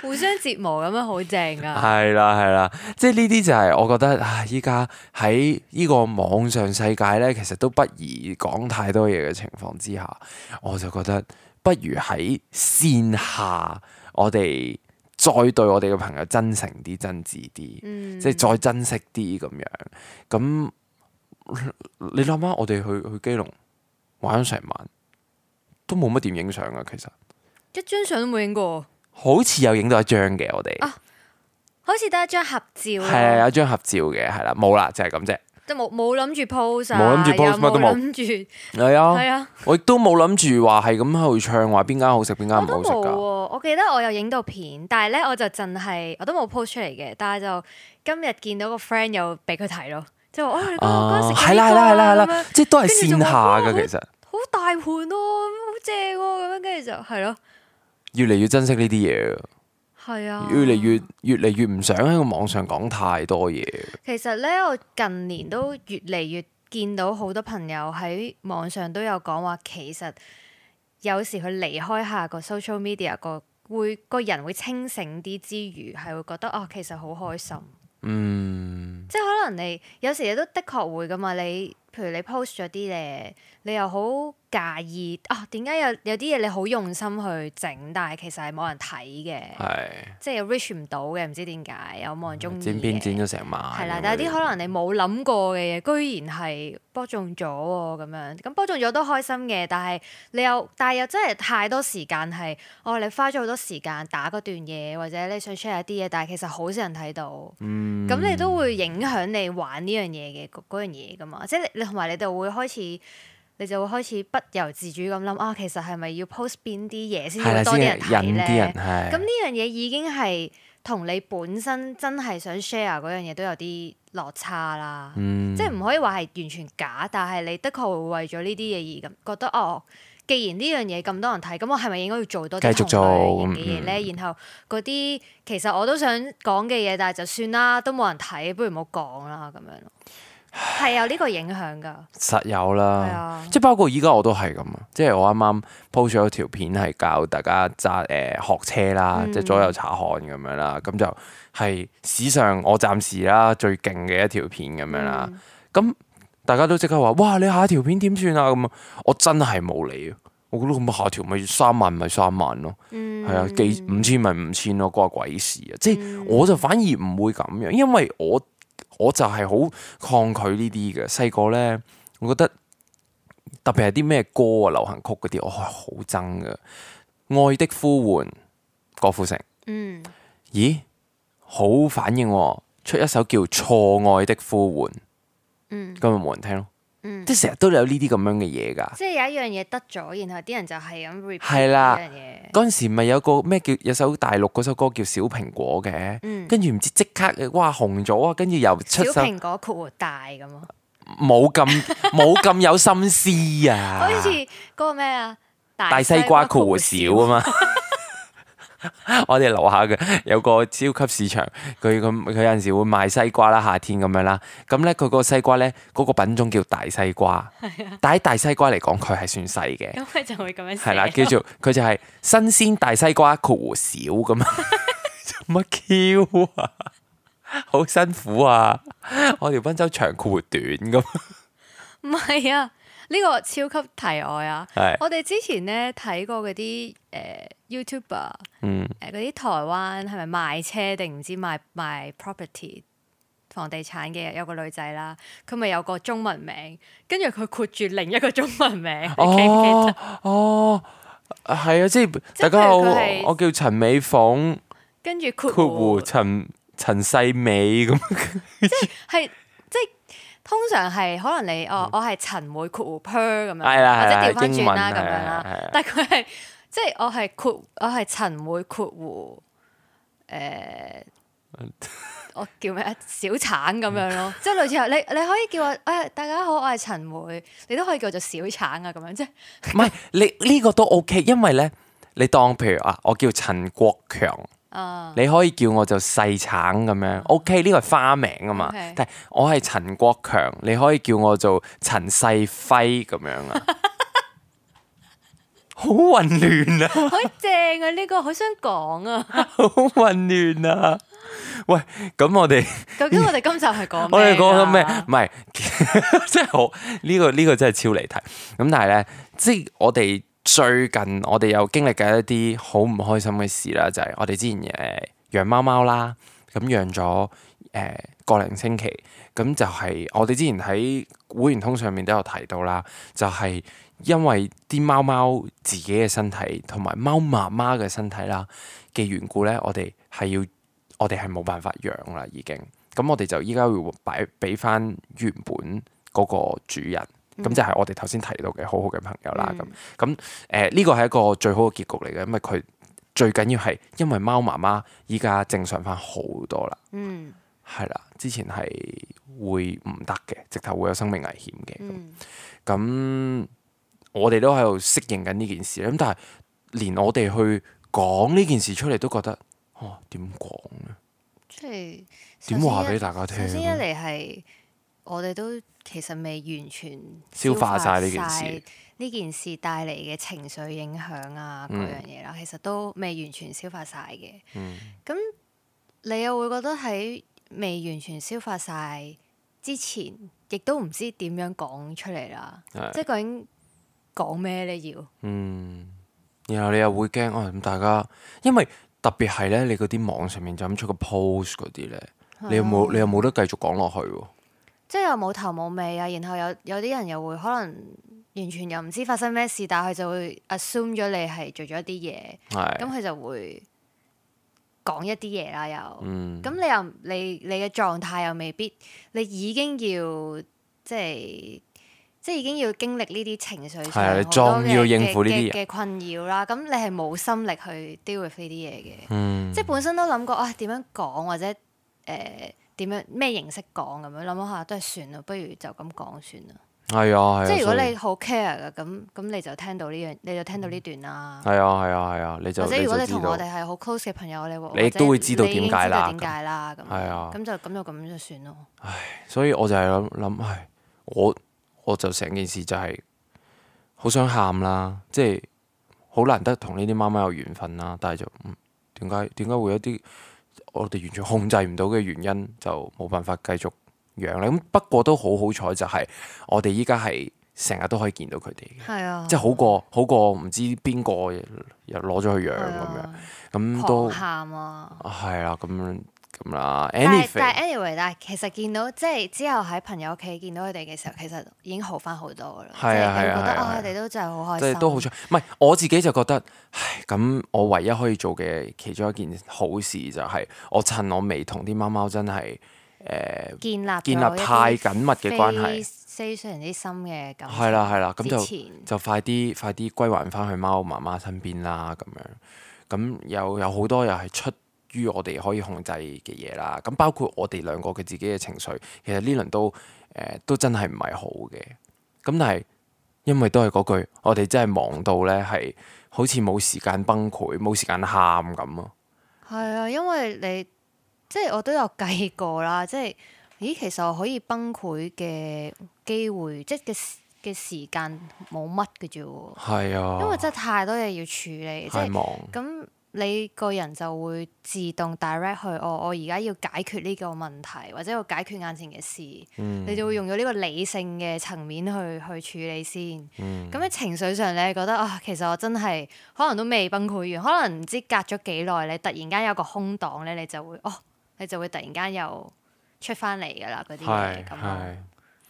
互相折磨咁樣好正啊！係啦係啦，即係呢啲就係、啊、我覺得依家喺呢個網上世界呢，其實都不宜講太多嘢嘅情況之下，我就覺得不如喺綫下我哋再對我哋嘅朋友真誠啲、真摯啲，嗯、即係再珍惜啲咁樣。咁你諗下，我哋去去基隆玩咗成晚，都冇乜點影相啊！其實一張相都冇影過。好似有影到一張嘅，oh，我哋，就是，啊，好似得一張合照，係 啊，有一張合照嘅，係啦，冇啦，就係咁啫，都冇冇諗住 post 冇諗住 post 乜都冇，係啊，係啊，我亦都冇諗住話係咁喺度唱，話邊間好食邊間唔好食噶。我記得我有影到片，但係咧我就淨係我都冇 post 出嚟嘅，但係就今日見到個 friend 又俾佢睇咯，就哦嗰嗰食幾多啊，係啦係啦係啦係啦，即係，就是，都係線下噶其實，好，好，好大盤哦，啊，好正哦，啊，咁樣跟住就係咯。越嚟越珍惜呢啲嘢，係啊！越嚟越越嚟越唔想喺個網上講太多嘢。其實呢，我近年都越嚟越見到好多朋友喺網上都有講話，其實有時佢離開下個 social media 個會，會個人會清醒啲，之餘係會覺得哦，其實好開心。嗯，即係可能你有時都的確會噶嘛，你譬如你 post 咗啲嘢。你又好介意啊？點解有有啲嘢你好用心去整，但係其實係冇人睇嘅，是即係 reach 唔到嘅，唔知點解有冇人中意，剪剪剪咗成晚，係啦，但係啲可能你冇諗過嘅嘢，居然係博中咗喎咁樣。咁博中咗都開心嘅，但係你又但係又真係太多時間係哦，你花咗好多時間打嗰段嘢，或者你想 check 下啲嘢，但係其實好少人睇到。嗯，咁你都會影響你玩呢樣嘢嘅嗰樣嘢㗎嘛？即係你同埋你哋會開始。你就會開始不由自主咁諗啊，其實係咪要 post 邊啲嘢先多啲人睇咧？咁呢樣嘢已經係同你本身真係想 share 嗰樣嘢都有啲落差啦。嗯、即係唔可以話係完全假，但係你的確會為咗呢啲嘢而咁覺得哦。既然呢樣嘢咁多人睇，咁我係咪應該要做多啲同類型嘅嘢咧？嗯、然後嗰啲其實我都想講嘅嘢，但係就算啦，都冇人睇，不如唔好講啦咁樣。係有呢個影響噶，實有啦是、啊，即係包括依家我都係咁啊！即係我啱啱 post 咗條片係教大家揸誒、呃、學車啦，即係左右查看咁樣啦，咁就係史上我暫時啦最勁嘅一條片咁樣啦。咁大家都即刻話：哇！你下條片點算啊？咁啊，我真係冇理。我覺得咁下條咪三萬咪三、就是、萬咯，係、就是嗯、啊，幾五千咪五千咯，關鬼事啊！即係我就反而唔會咁樣，因為我。我就係好抗拒呢啲嘅。細個咧，我覺得特別係啲咩歌啊，流行曲嗰啲，我係好憎嘅。《愛的呼喚》郭富城，嗯，咦，好反應喎，出一首叫《錯愛的呼喚》，嗯，咁咪冇人聽咯。即係成日都有呢啲咁樣嘅嘢㗎，即係有一樣嘢得咗，然後啲人就係咁 repeat 呢樣嘢。嗰陣時咪有個咩叫，有首大陸嗰首歌叫《小蘋果》嘅，跟住唔知即刻哇紅咗啊，跟住又出。小蘋果括弧大咁啊！冇咁冇咁有心思啊！好似嗰個咩啊，大西瓜括弧小啊嘛。 我哋樓下嘅有個超級市場，佢佢佢有陣時會賣西瓜啦，夏天咁樣啦。咁咧佢個西瓜咧，嗰、嗰個品種叫大西瓜。 但喺大西瓜嚟講，佢係算細嘅。咁佢 就會咁樣。係啦，叫做佢就係新鮮大西瓜，括弧少咁啊。乜 Q 啊？好辛苦啊！我條賓州長括弧短咁。唔係啊。呢個超級題外啊！是我哋之前咧睇過嗰啲誒 YouTuber，誒嗰啲台灣係咪賣車定唔知賣賣，賣 property 房地產嘅有個女仔啦，佢咪有個中文名，跟住佢括住另一個中文名。哦哦，係、哦哦、啊，即係大家好。我叫陳美鳳，跟住括括弧陳陳世美咁，即係即係。通常係可能你、嗯哦、我我係陳梅括弧 per 咁樣，或者調翻轉啦咁樣啦，但佢係即係我係括我係陳梅括弧，誒、哎呀就是，我、呃、 我叫咩小橙咁樣咯， 即係類似你你可以叫我誒、哎、大家好，我係陳梅，你都可以叫做小橙啊咁樣啫。唔係是 你呢個都 OK，因為咧你當譬如啊，我叫陳國強。你可以叫我做細橙咁樣，OK 呢個係花名啊嘛，Okay. 但係我係陳國強，你可以叫我做陳世輝咁樣啊， 好混亂啊， 好正啊呢個，好想講啊 ， 好混亂啊，喂，咁我哋 究竟我哋今集係講 我哋講緊咩？唔係，即係好呢個呢個真係超離題，咁但係咧，即係我哋。最近我哋又經歷緊一啲好唔開心嘅事啦，就係我哋之前誒養貓貓啦，咁養咗誒個零星期，咁就係我哋之前喺會員通上面都有提到啦，就係因為啲貓貓自己嘅身體同埋貓媽媽嘅身體啦嘅緣故咧，我哋係要我哋係冇辦法養啦，已經，咁我哋就依家會擺俾翻原本嗰個主人。咁、嗯、就係我哋頭先提到嘅好好嘅朋友啦。咁咁誒呢個係一個最好嘅結局嚟嘅，因為佢最緊要係因為貓媽媽依家正常返好多啦。嗯，係啦，之前係會唔得嘅，直頭會有生命危險嘅。咁、嗯，我哋都喺度適應緊呢件事啦。咁但係連我哋去講呢件事出嚟都覺得，哦，點講呢？即係點話俾大家聽？首先一嚟係。我哋都其實未完全消化晒呢件事，呢件事帶嚟嘅情緒影響啊嗰樣嘢啦，其實都未完全消化晒嘅。咁、嗯、你又會覺得喺未完全消化晒之前，亦都唔知點樣講出嚟啦。是即係究竟講咩咧？要嗯，然後你又會驚啊！咁、哦、大家，因為特別係咧，你嗰啲網上面就咁出個 post 嗰啲咧，的你有冇，你又冇得繼續講落去喎。即係又冇頭冇尾啊，然後有有啲人又會可能完全又唔知發生咩事，但係佢就會 assume 咗你係做咗一啲嘢，咁佢是 就會講一啲嘢啦。又咁、嗯、你又你你嘅狀態又未必，你已經要即係即係已經要經歷呢啲情緒上好多嘅嘅困擾啦。咁你係冇心力去 deal with 呢啲嘢嘅，嗯、即係本身都諗過啊點、哎、樣講或者誒。呃點樣咩形式講咁樣諗下都係算咯，不如就咁講算啦。係啊，即係、啊、如果你好 care 嘅咁咁，你就聽到呢樣，你就聽到呢段啦。係啊係啊係啊，你就或者就如果你同我哋係好 close 嘅朋友，你會你或者都會知道點解啦。係啊，咁就咁就咁就算咯。唉，所以我就係諗諗唉我我就成件事就係好想喊啦，即係好難得同呢啲媽媽有緣分啦，但係就、嗯、點解點解會有一啲？我哋完全控制唔到嘅原因，就冇辦法繼續養咧。咁不過都好好彩，就係我哋依家係成日都可以見到佢哋嘅，啊、即係好過好過唔知邊個又攞咗去養咁、啊、樣，咁都喊啊！係啦、啊，咁咁啦，但係但係 anyway，但其實見到即係、就是、之後喺朋友屋企見到佢哋嘅時候，其實已經好翻好多噶啦，即係、啊、覺得、啊、哦，佢哋、啊、都真係好開心，即係都好彩。唔係我自己就覺得，咁我唯一可以做嘅其中一件好事就係、是、我趁我未同啲貓貓真係誒、呃、建立建立太緊密嘅關係，非常之深嘅感，係啦，係啦，咁就就快啲快啲歸還翻去貓媽媽身邊啦，咁樣咁有有好多又係出。於我哋可以控制嘅嘢啦，咁包括我哋兩個嘅自己嘅情緒，其實呢輪都誒、呃、都真係唔係好嘅。咁但係因為都係嗰句，我哋真係忙到咧，係好似冇時間崩潰，冇時間喊咁啊。係啊，因為你即係我都有計過啦，即係咦，其實我可以崩潰嘅機會，即係嘅嘅時間冇乜嘅啫喎。係啊，因為真係太多嘢要處理，即係忙咁。你個人就會自動 direct 去我、哦，我而家要解決呢個問題，或者要解決眼前嘅事，嗯、你就會用到呢個理性嘅層面去去處理先。咁喺、嗯、情緒上咧，你覺得啊、哦，其實我真係可能都未崩潰完，可能唔知隔咗幾耐你突然間有個空檔咧，你就會哦，你就會突然間又出翻嚟噶啦嗰啲嘢咁咯，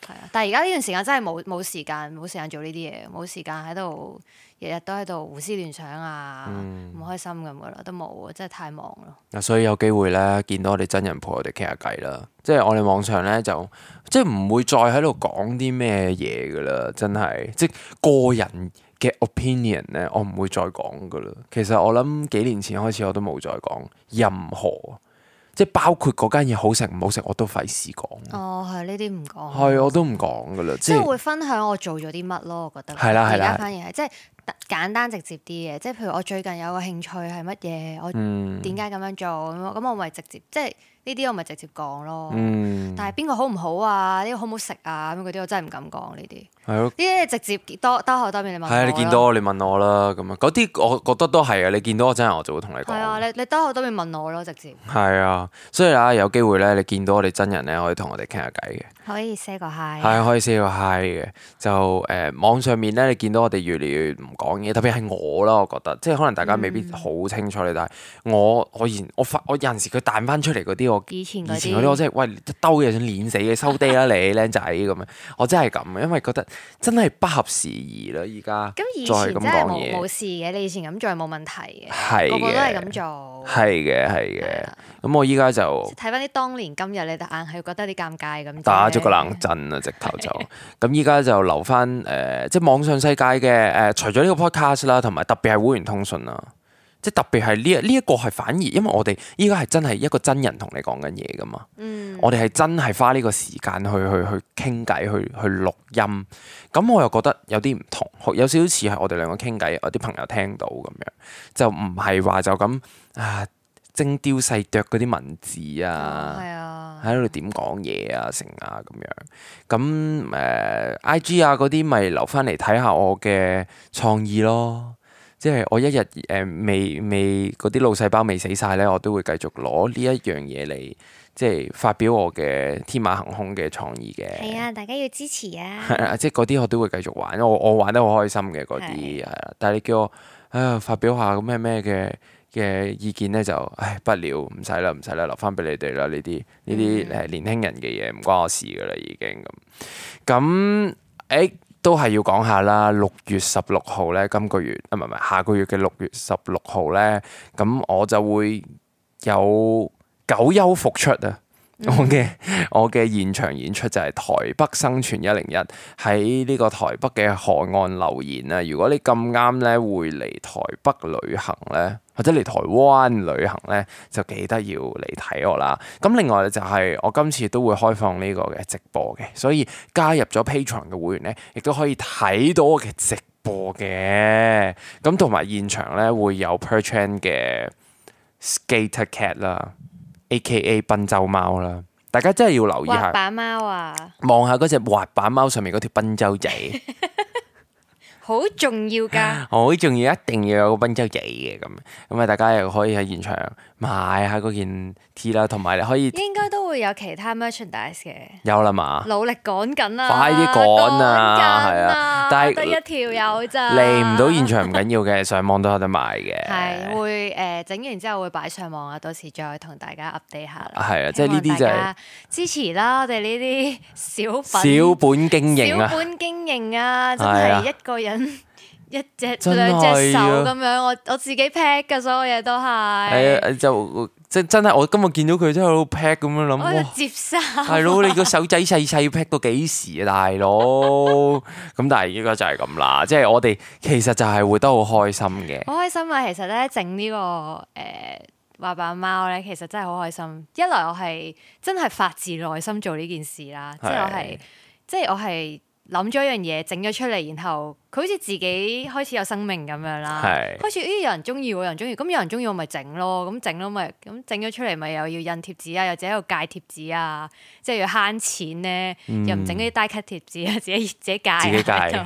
係啊。但係而家呢段時間真係冇冇時間，冇時間做呢啲嘢，冇時間喺度。日日都喺度胡思亂想啊，唔、嗯、開心咁噶啦，都冇，啊，真係太忙咯。啊，所以有機會咧，見到我哋真人陪我哋傾下偈啦。即係我哋網上咧，就即係唔會再喺度講啲咩嘢噶啦，真係，即係個人嘅 opinion 咧，我唔會再講噶啦。其實我諗幾年前開始，我都冇再講任何，即係包括嗰間嘢好食唔好食，我都費事講。哦，係呢啲唔講，係我都唔講噶啦。即係會分享我做咗啲乜咯，我覺得係啦係啦，而家反而係即係。簡單直接啲嘅，即係譬如我最近有個興趣係乜嘢，我點解咁樣做咁，嗯、咁我咪直接即係。呢啲我咪直接講咯，嗯、但係邊個好唔好啊？呢個好唔好食啊？咁嗰啲我真係唔敢講呢啲。係咯，呢啲的直接多多後多面你問我咯，係啊，你見到我，你問我啦，咁啊嗰啲我覺得都係啊。你見到我真人我就會同你講。係啊，你你多後多面問我咯，直接。係啊，所以啊有機會咧、啊呃，你見到我哋真人咧，可以同我哋傾下偈嘅。可以 say 個 hi。係可以 say 個 hi 嘅，就誒網上面咧，你見到我哋越嚟越唔講嘢，特別係我啦，我覺得即係可能大家未必好清楚你，嗯、但係我我現我發我有陣時佢彈翻出嚟嗰啲以前嗰啲， 我真係喂一兜嘢想碾死嘅，收爹啦你，僆仔咁樣，我真係咁嘅，因為覺得真係不合時宜啦，而家。咁以前再咁講嘢真係冇事嘅，你以前咁做係冇問題嘅，的個個都係咁做。係嘅，係嘅。咁的、嗯、我依家就睇翻啲當年今日，你就硬係覺得有啲尷尬咁。嗯、打咗個冷震啊，直頭就。咁依家就留翻誒、呃，即係網上世界嘅誒、呃，除咗呢個 podcast 啦，同埋特別係會員通訊啊。即特別係呢一呢一個係、這個、反而，因為我哋依家係真係一個真人同你講緊嘢噶嘛，嗯、我哋係真係花呢個時間去去去傾偈、去去，去，去錄音。咁我又覺得有啲唔同，有少少似係我哋兩個傾偈，我啲朋友聽到咁樣，樣，就唔係話就咁啊精雕細琢嗰啲文字啊，喺度點講嘢啊，啊成啊咁樣。咁誒、呃、I G 啊嗰啲咪留翻嚟睇下看看我嘅創意咯。即係我一日誒未未嗰啲腦細胞未死晒咧，我都會繼續攞呢一樣嘢嚟，即係發表我嘅天馬行空嘅創意嘅。係啊、哎，大家要支持啊！係啊，即係嗰啲我都會繼續玩，我我玩得好開心嘅嗰啲，係啦。是但係你叫我啊發表下咁咩咩嘅嘅意見咧，就唉不，不了，唔使啦，唔使啦，留返俾你哋啦。呢啲呢啲誒年輕人嘅嘢唔關我事噶啦，已經咁咁誒。都係要講下啦，六月十六號咧，今個月啊，唔係唔係下個月嘅六月十六號咧，咁我就會有久休復出啊！我嘅我嘅現場演出就係台北生存一零一喺呢個台北嘅河岸留言啦。如果你咁啱咧會嚟台北旅行咧，或者嚟台灣旅行咧，就記得要嚟睇我啦。咁另外咧就係、是、我今次都會開放呢個嘅直播嘅，所以加入咗 Patreon 嘅會員咧，亦都可以睇到我嘅直播嘅。咁同埋現場咧會有 Perchan 嘅 Skater Cat 啦。A.K.A. 奔州貓啦，大家真係要留意下滑板貓啊！望下嗰隻滑板貓上面嗰條濱州仔，好 重要噶，好 重要，一定要有個濱州仔嘅咁，咁啊，大家又可以喺現場。買下嗰件 T 啦，同埋你可以應該都會有其他 merchandise 嘅，有啦嘛，努力趕緊啦，快啲趕啊，係啊，但係得一條友咋，嚟唔到現場唔緊要嘅，上網都有得買嘅，係會誒整完之後會擺上網啊，到時再同大家 update 下啦，係啊，即係呢啲就係支持啦，我哋呢啲小小本經營啊，小本經營啊，真係一個人。一隻兩隻手咁樣，我我自己劈 a 所有嘢都係，係、哎、就即真係我今日見到佢真係好劈 a c k 咁樣諗，接生係咯，你個手仔細細要劈到幾時啊，大佬？咁 但係依家就係咁啦，即、就、係、是、我哋其實就係會得好開心嘅，好開心啊！其實咧整呢、這個誒畫、呃、板貓咧，其實真係好開心。一來我係真係發自內心做呢件事啦，即係的我係，即、就、係、是、我係。就是我是諗咗一樣嘢，整咗出嚟，然後佢好似自己開始有生命咁樣啦。是的 開始咦、哎、有人中意喎，有人中意，咁有人中意我咪整咯，咁整咯咪咁整咗出嚟咪又要印貼紙啊，又自己喺度戒貼紙啊，即係要慳錢咧，又唔整啲 die cut 貼紙啊，自己自己戒。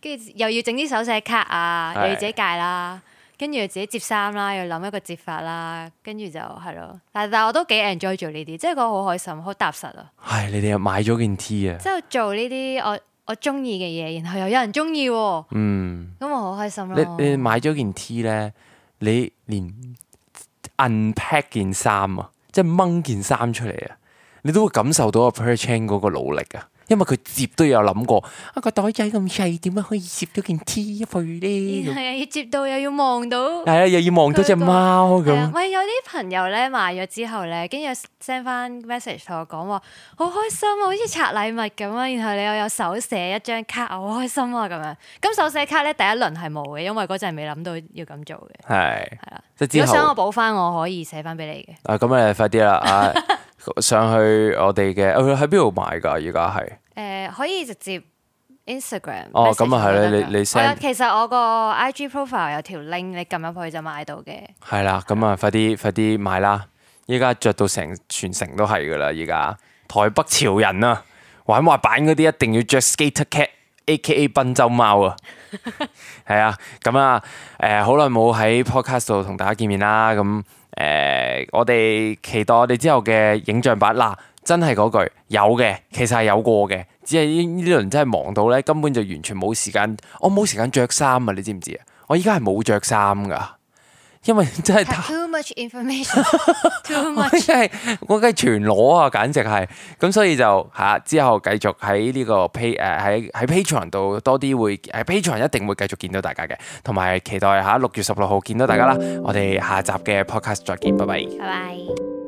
跟住己又要整啲手寫卡啊，又要自己戒啦，跟住是的 又自己接衫啦，又要諗一個折法啦，跟住就係咯。但但我都幾 enjoy 做呢啲，即係覺得好開心，好踏實啊。係、哎、你哋又買咗件 T 啊？之後做呢啲我。我中意嘅嘢，然後又有人中意、哦、嗯，咁我好開心咯。你你買咗件 T 咧，你連 unpack 件衫啊，即係掹件衫出嚟啊，你都會感受到 Per Chan 嗰個努力啊！因為佢接都有諗過，一個袋仔咁細，點解可以接到件 T 去呢？係啊，要接到又要望到。係啊，又要望到隻貓咁。咪有啲朋友咧買咗之後咧，跟住 send 翻 message 同我講話，好開心啊，好似拆禮物咁啊。然後你又有手寫一張卡，好開心啊咁樣。咁手寫卡咧，第一輪係冇嘅，因為嗰陣未諗到要咁做嘅。係係啦，即想我補翻，我可以寫翻俾你嘅。啊，咁啊，快啲啦！啊，上去我哋嘅，喺邊度買噶？而家係？誒、呃、可以直接 Instagram 哦，咁啊係咧，你你先。其實我個 IG profile 有條 link，你撳入去就買到嘅。係啦，咁啊，快啲快啲買啦！依家着到成全城都係噶啦，依家台北潮人啊，玩滑板嗰啲一定要着 Skate Cat，A. K. A. 奔洲貓啊。係啊， 咁啊，誒、呃、好耐冇喺 podcast 度同大家見面啦。咁誒、呃，我哋期待我哋之後嘅影像版嗱。啊真係嗰句有嘅，其實係有過嘅，只係呢呢輪真係忙到咧，根本就完全冇時間，我冇時間着衫啊！你知唔知啊？我依家係冇着衫噶，因為真係 too much information，too much. 我真係梗係全裸啊，簡直係咁，所以就吓、啊、之後繼續喺呢個 Pa 誒喺喺 Patreon 度多啲會喺 Patreon 一定會繼續見到大家嘅，同埋期待下六月十六號見到大家啦！我哋下集嘅 podcast 再見，拜拜，拜拜。